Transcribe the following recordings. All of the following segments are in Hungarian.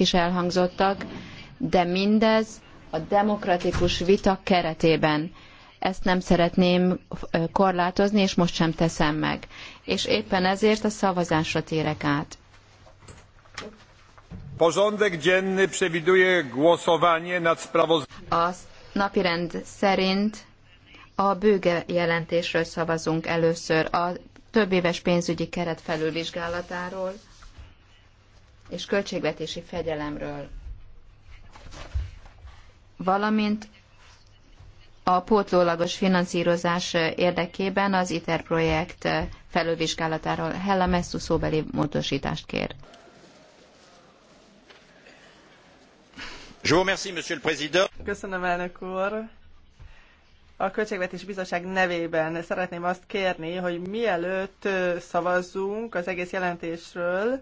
is elhangzottak, de mindez a demokratikus vita keretében. Ezt nem szeretném korlátozni, és most sem teszem meg. És éppen ezért a szavazásra térek át. A napirend szerint a bőge jelentésről szavazunk először, a többéves pénzügyi keret felülvizsgálatáról és költségvetési fegyelemről, valamint a pótlólagos finanszírozás érdekében az ITER projekt felülvizsgálatáról Hella Messzu szóbeli módosítást kér. Köszönöm, elnök úr! A Költségvetés Bizottság nevében szeretném azt kérni, hogy mielőtt szavazzunk az egész jelentésről,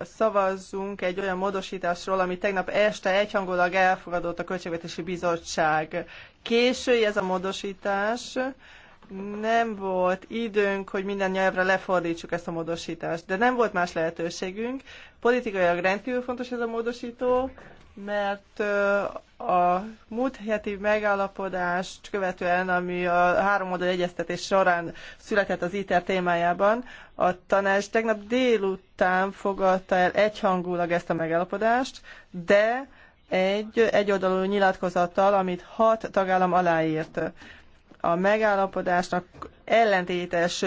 szavazzunk egy olyan módosításról, ami tegnap este egyhangulag elfogadott a Költségvetési Bizottság. Késői ez a módosítás, nem volt időnk, hogy minden nyelvre lefordítsuk ezt a módosítást, de nem volt más lehetőségünk. Politikailag rendkívül fontos ez a módosító, mert a múlt heti megállapodást követően, ami a három oldal egyeztetés során született az ITER témájában, a tanács tegnap délután fogadta el egyhangulag ezt a megállapodást, de egy egyoldalú nyilatkozattal, amit hat tagállam aláírt. A megállapodásnak ellentétes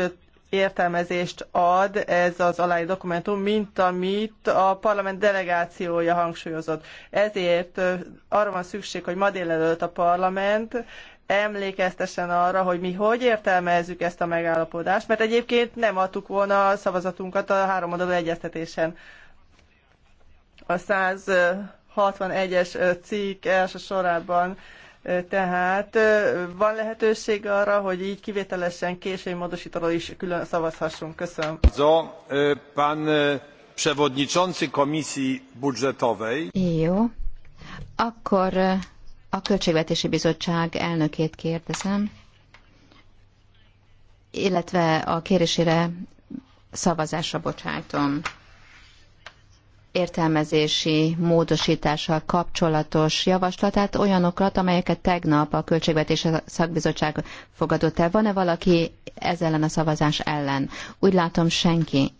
értelmezést ad ez az aláír dokumentum, mint amit a parlament delegációja hangsúlyozott. Ezért arra van szükség, hogy ma délelőtt a parlament emlékeztesen arra, hogy mi hogy értelmezzük ezt a megállapodást, mert egyébként nem adtuk volna a szavazatunkat a háromoldalú egyeztetésen. A 161-es cikk első sorában tehát van lehetőség arra, hogy így kivételesen késői módosítóról is külön szavazhassunk. Köszönöm. So, pan przewodniczący komisji budżetowej. Jó. Akkor a Költségvetési Bizottság elnökét kérdezem, illetve a kérésére szavazásra bocsájtom értelmezési módosítással kapcsolatos javaslatát, olyanokat, amelyeket tegnap a Költségvetési Szakbizottság fogadott el. Van-e valaki ez ellen a szavazás ellen? Úgy látom senki.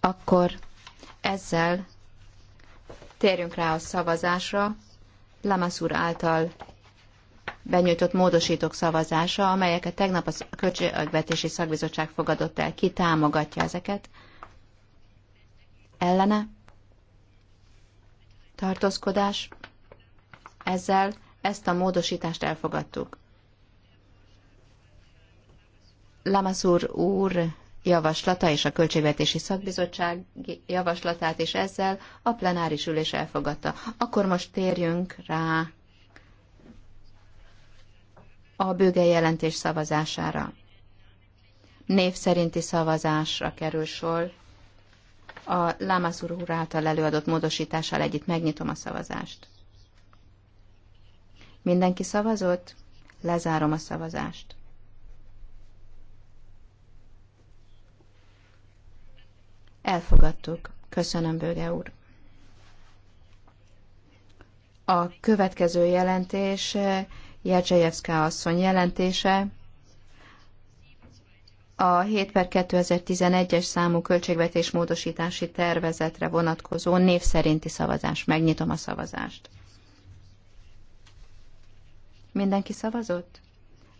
Akkor ezzel térjünk rá a szavazásra. Lamasz úr által benyújtott módosítók szavazása, amelyeket tegnap a Költségvetési Szakbizottság fogadott el. Ki támogatja ezeket? ellene, tartózkodás, ezzel ezt a módosítást elfogadtuk. Lamaszúr úr javaslata és a Költségvetési Szakbizottság javaslatát, és ezzel a plenáris ülés elfogadta. Akkor most térjünk rá a bőge jelentés szavazására. Név szerinti szavazásra kerül sor a Lámászúr úr által előadott módosítással együtt megnyitom a szavazást. Mindenki szavazott? Lezárom a szavazást. Elfogadtuk. Köszönöm, Bőge úr. A következő jelentés Jedzsejevszká asszony jelentése a 7 per 2011-es számú költségvetés módosítási tervezetre vonatkozó név szerinti szavazás. Megnyitom a szavazást. Mindenki szavazott?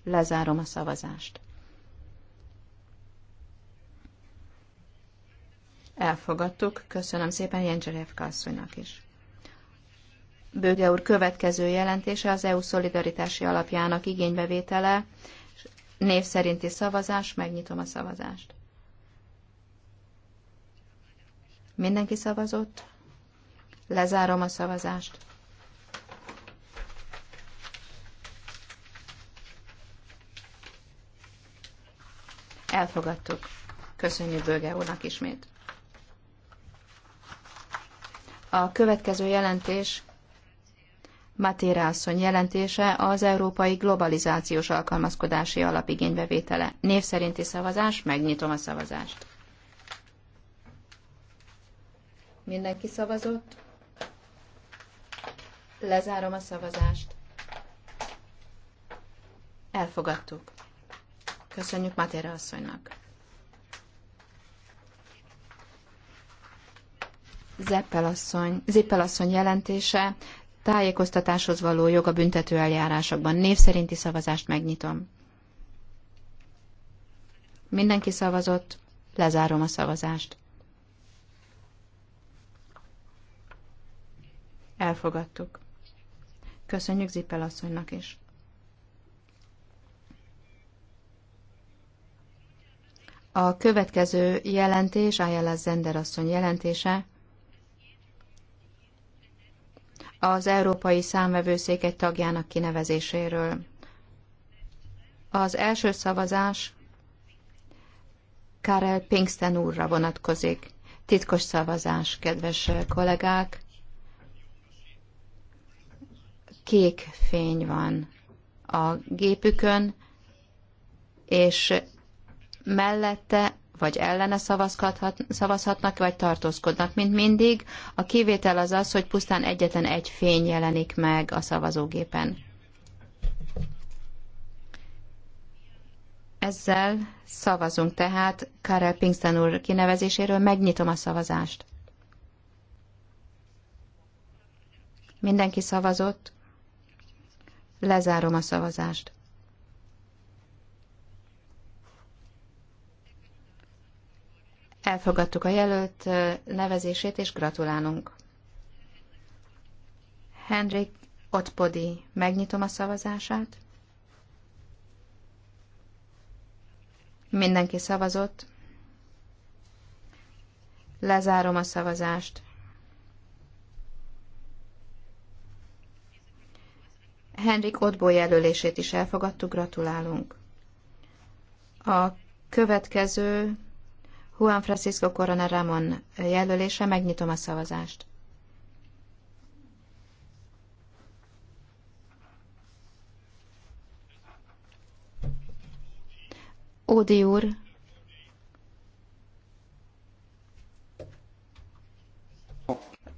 Lezárom a szavazást. Elfogadtuk. Köszönöm szépen Jendzserevka asszonynak is. Bőge úr következő jelentése az EU szolidaritási alapjának igénybevétele Név szerinti szavazás, megnyitom a szavazást. Mindenki szavazott? Lezárom a szavazást. Elfogadtuk. Köszönjük Bölge úrnak ismét. A következő jelentés Matéra asszony jelentése az Európai Globalizációs Alkalmazkodási Alapigénybevétele. Név szerinti szavazás, megnyitom a szavazást. Mindenki szavazott? Lezárom a szavazást. Elfogadtuk. Köszönjük Matéra asszonynak. Zeppel asszony, Zippel asszony jelentése tájékoztatáshoz való jog a büntető eljárásokban. Név szerinti szavazást megnyitom. Mindenki szavazott, lezárom a szavazást. Elfogadtuk. Köszönjük Zippel asszonynak is. A következő jelentés, Ayala Zender asszony jelentése, az Európai Számvevőszék egy tagjának kinevezéséről. Az első szavazás Karel Pinkston úrra vonatkozik. Titkos szavazás, kedves kollégák. Kék fény van a gépükön, és mellette vagy ellene szavazhatnak, vagy tartózkodnak. Mint mindig, a kivétel az az, hogy pusztán egyetlen egy fény jelenik meg a szavazógépen. Ezzel szavazunk tehát Karel Pinkston úr kinevezéséről. Megnyitom a szavazást. Mindenki szavazott. Lezárom a szavazást. Elfogadtuk a jelölt nevezését, és gratulálunk. Hendrik Otpodi, megnyitom a szavazását. Mindenki szavazott. Lezárom a szavazást. Henrik Otbó jelölését is elfogadtuk, gratulálunk. A következő Juan Francisco Corona Ramon jelölése. Megnyitom a szavazást. Ódi úr,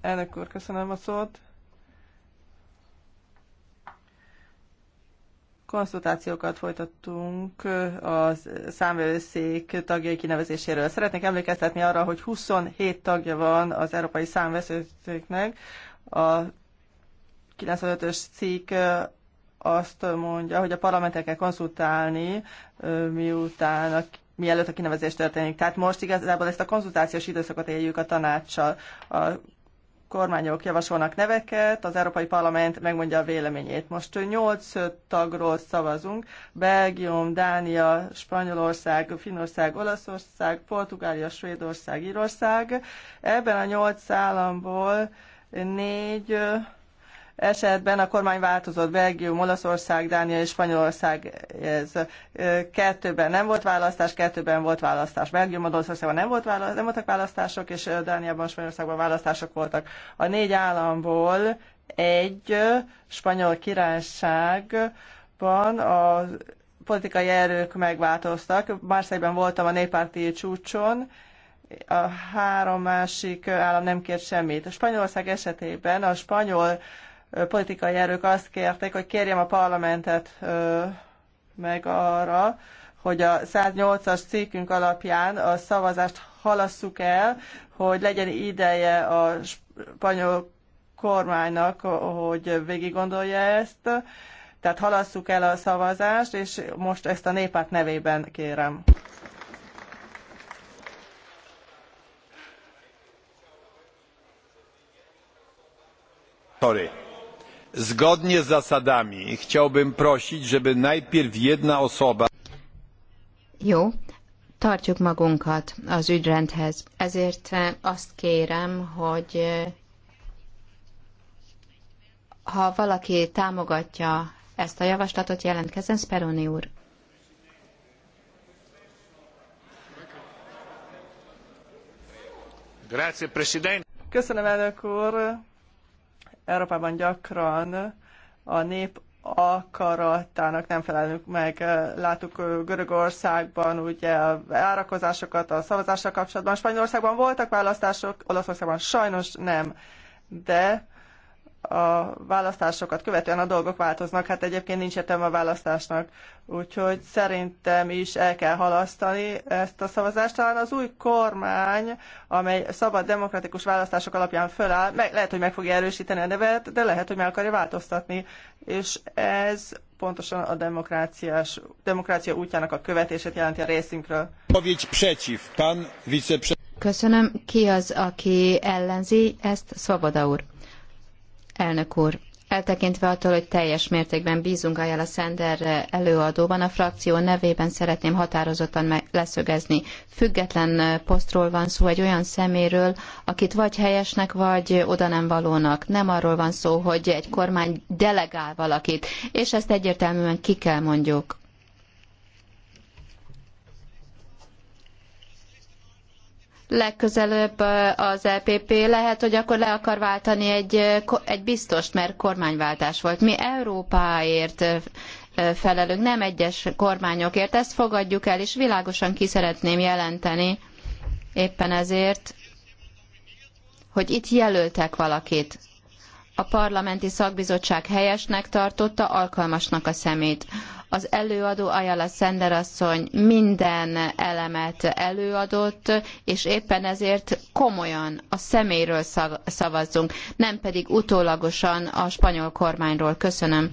Elnök úr, köszönöm a szót. konzultációkat folytattunk a számvevőszék tagjai kinevezéséről. Szeretnék emlékeztetni arra, hogy 27 tagja van az Európai Számvevőszéknek. A 95-ös cikk azt mondja, hogy a parlamentet kell konzultálni, miután a mielőtt a kinevezés történik. Tehát most igazából ezt a konzultációs időszakot éljük a tanácssal. A kormányok javasolnak neveket, az Európai Parlament megmondja a véleményét. Most nyolc tagról szavazunk, Belgium, Dánia, Spanyolország, Finnország, Olaszország, Portugália, Svédország, Írország. Ebben a nyolc államból négy esetben a kormány változott Belgium, Olaszország, Dánia és Spanyolország ez kettőben nem volt választás, kettőben volt választás. Belgium, Olaszországban nem, volt választás, nem voltak választások, és Dániában, Spanyolországban választások voltak. A négy államból egy spanyol királyságban a politikai erők megváltoztak. Márszegben voltam a néppárti csúcson, a három másik állam nem kért semmit. A Spanyolország esetében a spanyol politikai erők azt kérték, hogy kérjem a parlamentet meg arra, hogy a 108-as cikkünk alapján a szavazást halasszuk el, hogy legyen ideje a spanyol kormánynak, hogy végig gondolja ezt. Tehát halasszuk el a szavazást, és most ezt a népát nevében kérem. Sorry zgodnie z zasadami chciałbym prosić, żeby najpierw jedna osoba... Jó, tartjuk magunkat az ügyrendhez. Ezért eh, azt kérem, hogy eh, ha valaki támogatja ezt a javaslatot, jelentkezzen Speroni úr. Grazie, Presidente. Köszönöm, elnök úr. Európában gyakran a nép akaratának nem felelünk meg. Láttuk Görögországban ugye a árakozásokat a szavazással kapcsolatban. Spanyolországban voltak választások, Olaszországban sajnos nem. De a választásokat követően a dolgok változnak, hát egyébként nincs értelme a választásnak. Úgyhogy szerintem is el kell halasztani ezt a szavazást. Talán az új kormány, amely szabad demokratikus választások alapján föláll, meg, lehet, hogy meg fogja erősíteni a nevet, de lehet, hogy meg akarja változtatni. És ez pontosan a demokráciás, demokrácia útjának a követését jelenti a részünkről. Köszönöm. Ki az, aki ellenzi ezt? Svoboda úr. Elnök úr, eltekintve attól, hogy teljes mértékben bízunk a Szender előadóban, a frakció nevében szeretném határozottan leszögezni. Független posztról van szó, egy olyan szeméről, akit vagy helyesnek, vagy oda nem valónak. Nem arról van szó, hogy egy kormány delegál valakit, és ezt egyértelműen ki kell mondjuk legközelebb az EPP lehet, hogy akkor le akar váltani egy, egy biztost, mert kormányváltás volt. Mi Európáért felelünk, nem egyes kormányokért. Ezt fogadjuk el, és világosan ki szeretném jelenteni éppen ezért, hogy itt jelöltek valakit. A parlamenti szakbizottság helyesnek tartotta, alkalmasnak a szemét. Az előadó Ajala Szender minden elemet előadott, és éppen ezért komolyan a személyről szavazzunk, nem pedig utólagosan a spanyol kormányról. Köszönöm.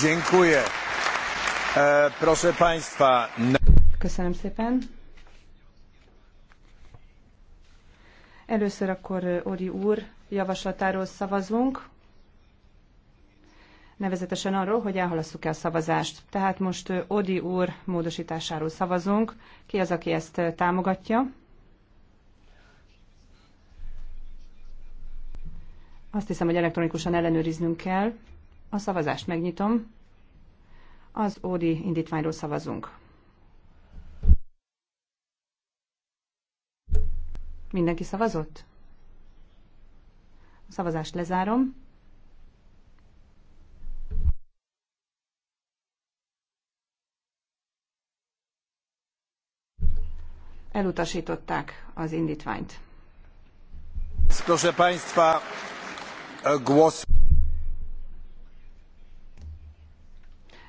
Dziękuję. E, proszę Państwa. Köszönöm szépen. Először akkor Ori úr javaslatáról szavazunk nevezetesen arról, hogy elhalasszuk el a szavazást. Tehát most Odi úr módosításáról szavazunk. Ki az, aki ezt támogatja? Azt hiszem, hogy elektronikusan ellenőriznünk kell. A szavazást megnyitom. Az Odi indítványról szavazunk. Mindenki szavazott? A szavazást lezárom. elutasították az indítványt.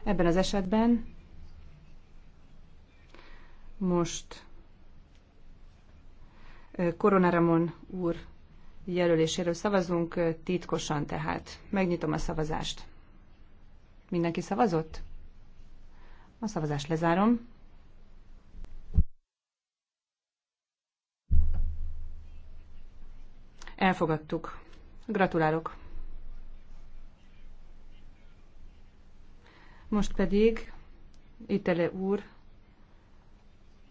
Ebben az esetben most Koronaramon úr jelöléséről szavazunk titkosan tehát. Megnyitom a szavazást. Mindenki szavazott? A szavazást lezárom. Elfogadtuk. Gratulálok. Most pedig Itele úr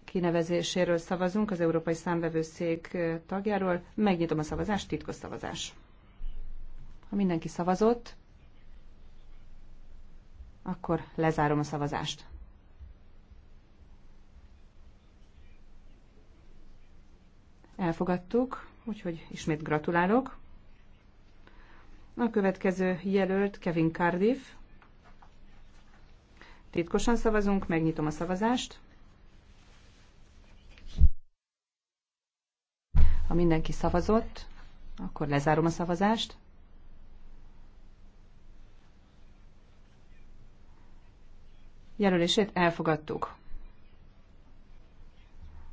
kinevezéséről szavazunk, az Európai Számvevőszék tagjáról. Megnyitom a szavazást, titkos szavazás. Ha mindenki szavazott, akkor lezárom a szavazást. Elfogadtuk úgyhogy ismét gratulálok. A következő jelölt Kevin Cardiff. Titkosan szavazunk, megnyitom a szavazást. Ha mindenki szavazott, akkor lezárom a szavazást. Jelölését elfogadtuk.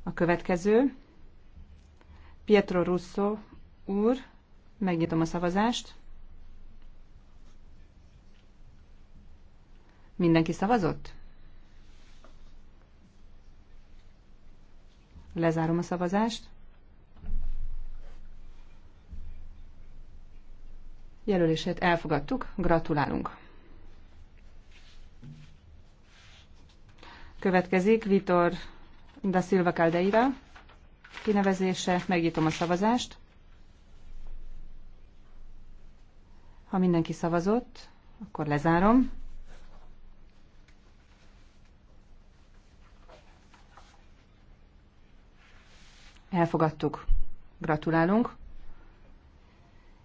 A következő Pietro Russo úr, megnyitom a szavazást. Mindenki szavazott? Lezárom a szavazást. Jelölését elfogadtuk, gratulálunk. Következik Vitor da Silva Caldeira kinevezése. Megnyitom a szavazást. Ha mindenki szavazott, akkor lezárom. Elfogadtuk. Gratulálunk.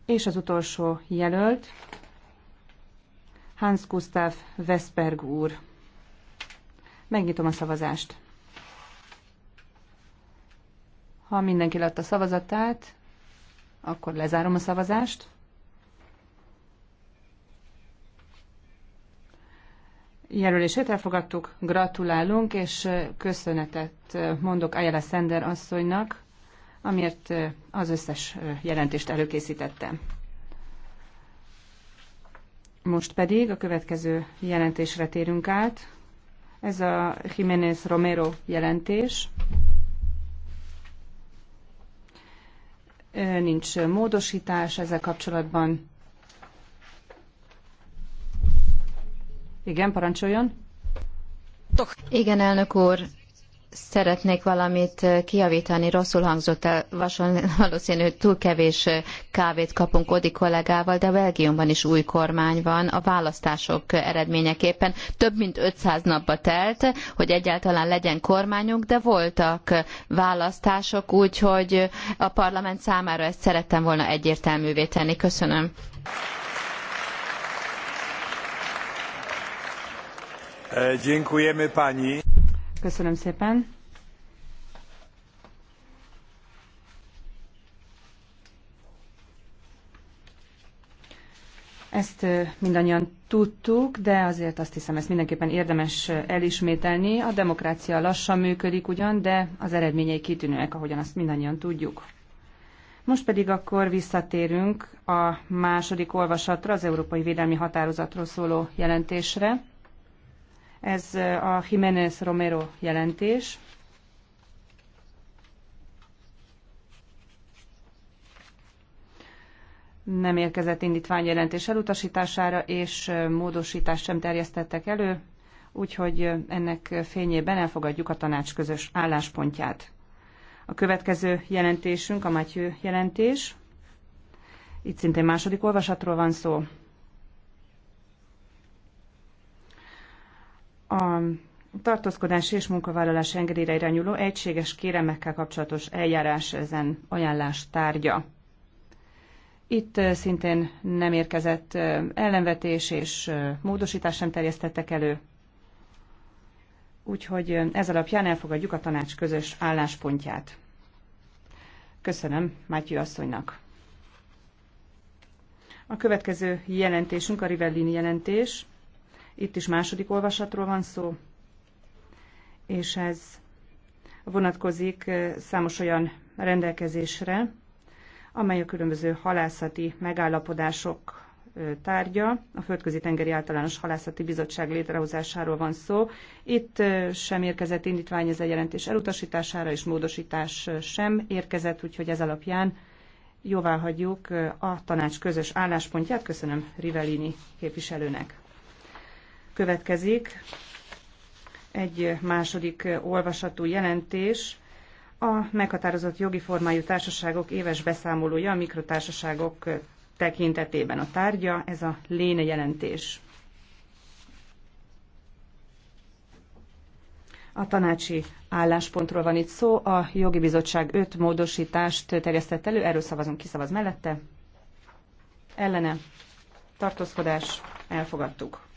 És az utolsó jelölt, Hans Gustav Vesperg úr. Megnyitom a szavazást. Ha mindenki látta a szavazatát, akkor lezárom a szavazást. Jelölését elfogadtuk, gratulálunk, és köszönetet mondok Ayala Sender asszonynak, amiért az összes jelentést előkészítettem. Most pedig a következő jelentésre térünk át. Ez a Jiménez Romero jelentés. nincs módosítás ezzel kapcsolatban. Igen, parancsoljon. Igen, elnök úr szeretnék valamit eh, kijavítani, rosszul hangzott el, valószínű, hogy túl kevés eh, kávét kapunk Odi kollégával, de Belgiumban is új kormány van a választások eh, eredményeképpen. Több mint 500 napba telt, hogy egyáltalán legyen kormányunk, de voltak választások, úgyhogy a parlament számára ezt szerettem volna egyértelművé tenni. Köszönöm. Dziękujemy pani. Köszönöm szépen. Ezt mindannyian tudtuk, de azért azt hiszem, ezt mindenképpen érdemes elismételni. A demokrácia lassan működik ugyan, de az eredményei kitűnőek, ahogyan azt mindannyian tudjuk. Most pedig akkor visszatérünk a második olvasatra, az Európai Védelmi Határozatról szóló jelentésre. Ez a Jiménez Romero jelentés. Nem érkezett indítvány jelentés elutasítására, és módosítást sem terjesztettek elő, úgyhogy ennek fényében elfogadjuk a tanács közös álláspontját. A következő jelentésünk a Matyő jelentés. Itt szintén második olvasatról van szó. a tartózkodás és munkavállalás engedélyre irányuló egységes kéremekkel kapcsolatos eljárás ezen ajánlás tárgya. Itt szintén nem érkezett ellenvetés és módosítás sem terjesztettek elő. Úgyhogy ez alapján elfogadjuk a tanács közös álláspontját. Köszönöm Mátyi asszonynak. A következő jelentésünk a Rivellini jelentés. Itt is második olvasatról van szó, és ez vonatkozik számos olyan rendelkezésre, amely a különböző halászati megállapodások tárgya. A Földközi Tengeri Általános Halászati Bizottság létrehozásáról van szó. Itt sem érkezett indítvány ez a jelentés elutasítására, és módosítás sem érkezett, úgyhogy ez alapján jóvá hagyjuk a tanács közös álláspontját. Köszönöm Rivellini képviselőnek. Következik egy második olvasatú jelentés, a meghatározott jogi formájú társaságok éves beszámolója a mikrotársaságok tekintetében a tárgya, ez a léne jelentés. A tanácsi álláspontról van itt szó, a jogi bizottság öt módosítást terjesztett elő, erről szavazunk, kiszavaz mellette, ellene, tartózkodás, elfogadtuk.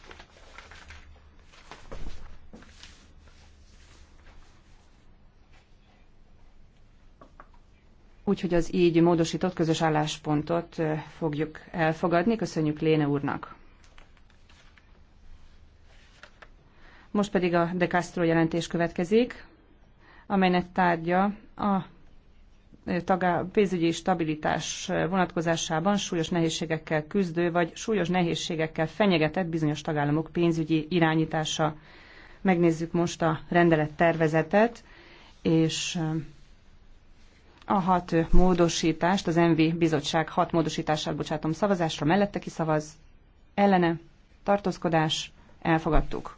úgyhogy az így módosított közös álláspontot fogjuk elfogadni. Köszönjük Léne úrnak! Most pedig a De Castro jelentés következik, amelynek tárgya a pénzügyi stabilitás vonatkozásában súlyos nehézségekkel küzdő vagy súlyos nehézségekkel fenyegetett bizonyos tagállamok pénzügyi irányítása. Megnézzük most a rendelet tervezetet, és a hat módosítást, az MV bizottság hat módosítását bocsátom szavazásra, mellette kiszavaz, ellene, tartózkodás, elfogadtuk.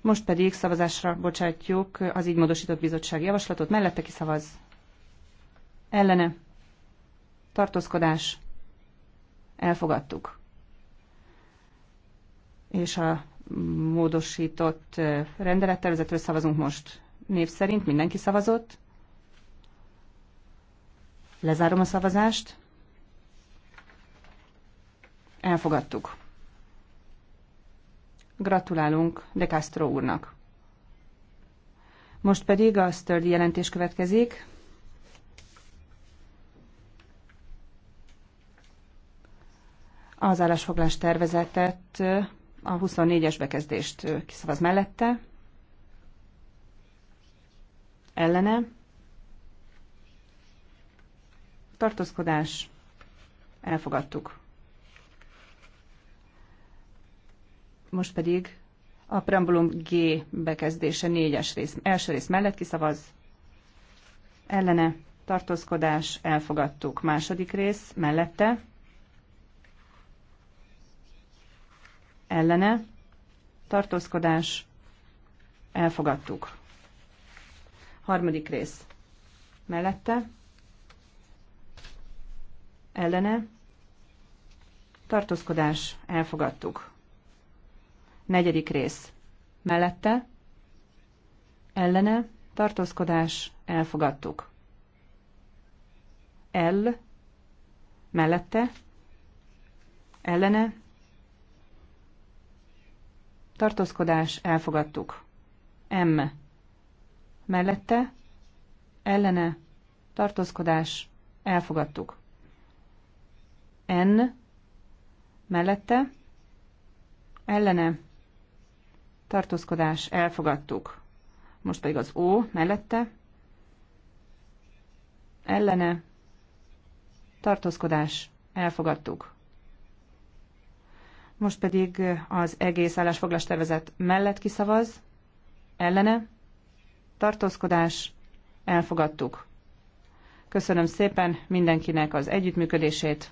Most pedig szavazásra bocsátjuk az így módosított bizottság javaslatot, mellette kiszavaz, ellene, tartózkodás, elfogadtuk. És a módosított rendelettervezetről szavazunk most név szerint mindenki szavazott. Lezárom a szavazást. Elfogadtuk. Gratulálunk De Castro úrnak. Most pedig a Sturdy jelentés következik. Az állásfoglás tervezetet a 24-es bekezdést kiszavaz mellette ellene, tartózkodás, elfogadtuk. Most pedig a preambulum G bekezdése négyes rész, első rész mellett kiszavaz, ellene, tartózkodás, elfogadtuk. Második rész mellette, ellene, tartózkodás, elfogadtuk. Harmadik rész. Mellette. Ellene. Tartózkodás. Elfogadtuk. Negyedik rész. Mellette. Ellene. Tartózkodás. Elfogadtuk. L. Mellette. Ellene. Tartózkodás. Elfogadtuk. M mellette, ellene, tartózkodás, elfogadtuk. N, mellette, ellene, tartózkodás, elfogadtuk. Most pedig az O, mellette, ellene, tartózkodás, elfogadtuk. Most pedig az egész állásfoglalástervezet mellett kiszavaz, ellene, tartózkodás, elfogadtuk. Köszönöm szépen mindenkinek az együttműködését.